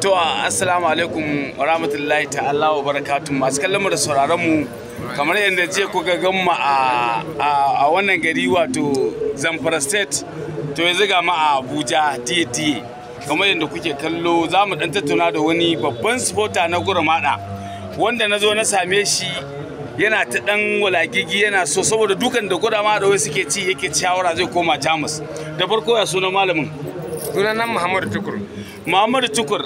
To assalamu alaikum rahmatullahi ta'ala wa barakatun masu kallon mu da sauraron mu kamar yadda jiya ku ga mu a wannan gari wato Zamfara state to yanzu ga ma a Abuja TT kamar yadda kuke kallo za mu dan tattauna da wani babban supporter na gurmada wanda na zo na same shi yana ta dan walagigi yana so saboda dukan da gurama da wai suke ci yake ciyawara zai koma Jamus da farko ya sunan malamin sunanan muhammadu tukur muhammadu tukur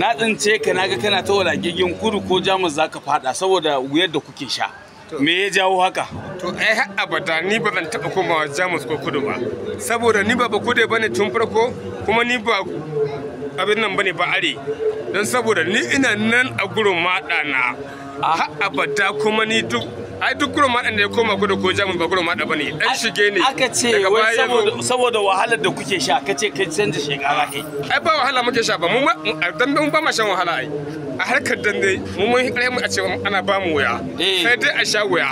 na tsince ka naga kana ta walagigin kudu ko jamus za ka fada saboda wuyar da kuke sha me ya jawo haka to ai har abada ni ba zan taba komawa jamus ko kudu ba saboda ni ba kudu ba ne tun farko kuma ni ba abin nan ba ne ba are don saboda ni ina nan a gurin maɗana ah. har abada kuma ni duk ai duk gurin ma da ya koma gudu ko jamu ba gurin ma ba ne dan shige ne aka ce saboda wahalar da kuke sha kace kai canza shekara kai ai ba wahala muke sha ba mu dan mun ba ma shan wahala ai a harkar dan dai mu mun kare mu a ce ana ba mu wuya eh. sai dai a sha wuya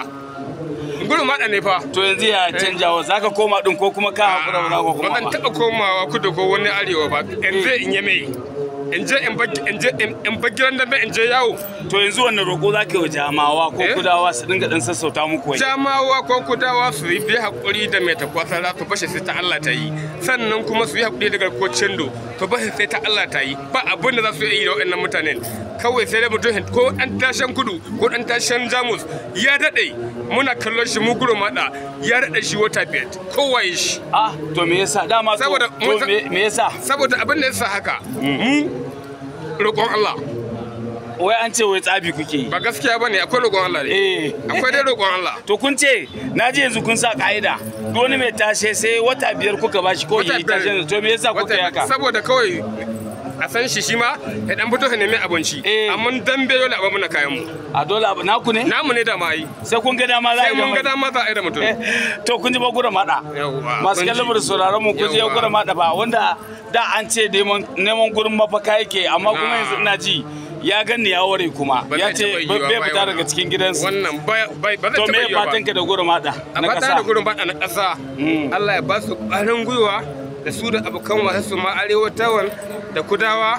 gurin ma ne fa to yanzu ya eh. canjawa zaka koma din ko kuma ka hakura ko kuma ba ban taba komawa kudu ko wani arewa ba yanzu eh. in yi mai in je in bar gidan dambe in je yawo to yanzu wannan roƙo za ka yi wa jamawa ko eh? kudawa su dinga dan sassauta muku wai jamawa ko kudawa su yi bi haƙuri da mai takwasa za su bashi sai ta Allah ta yi sannan kuma su yi haƙuri da garkocin do to bashi sai ta Allah ta yi ba abin da za su yi da waɗannan mutanen kawai sai da mutum ko ɗan tashen kudu ko ɗan tashen jamus ya daɗe muna kallon shi mu guru maɗa ya daɗe shi wata biyar kowaye shi ah to me yasa dama saboda me yasa saboda abin da yasa haka mm. mu roƙon Allah wai an ce wai tsabi kuke ba gaskiya ba ne akwai roƙon Allah ne eh akwai dai roƙon Allah to kun ce na ji yanzu kun sa ka'ida wani mai tashe sai wata biyar kuka bashi ko yi tashe to me yasa kuka yaka saboda kawai a san shi shi ma ya dan fito ka nemi abinci eh. amma dan bai dole a muna kayan mu a dole naku ne namu ne da mai sai kun ga dama za a yi mun ga dama za a yi da mutum eh, to kun ji ba gura mada masu kallon da sauraron mu kun ji ya gura mada ba wanda da an ce neman gurin mafaka yake amma kuma yanzu ina ji ya ganni ya ware kuma ya ce bai fita daga cikin gidansu wannan bai ba to me fatan ka da gurin mada na kasa da gurin mada na kasa mm. Allah ya ba su ƙarin gwiwa da su da abokan wasu ma arewa tawan da kudawa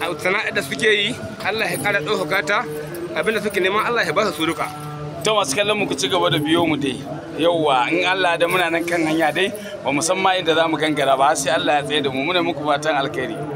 a sana'ar da suke yi Allah ya ƙara ɗaukaka ta abinda suke neman Allah ya ba su duka to masu kallon mu ku ci gaba da biyo mu dai yauwa in Allah da muna nan kan hanya dai ba mu san inda za mu gangara ba sai Allah ya tsaye da mu muna muku fatan alkhairi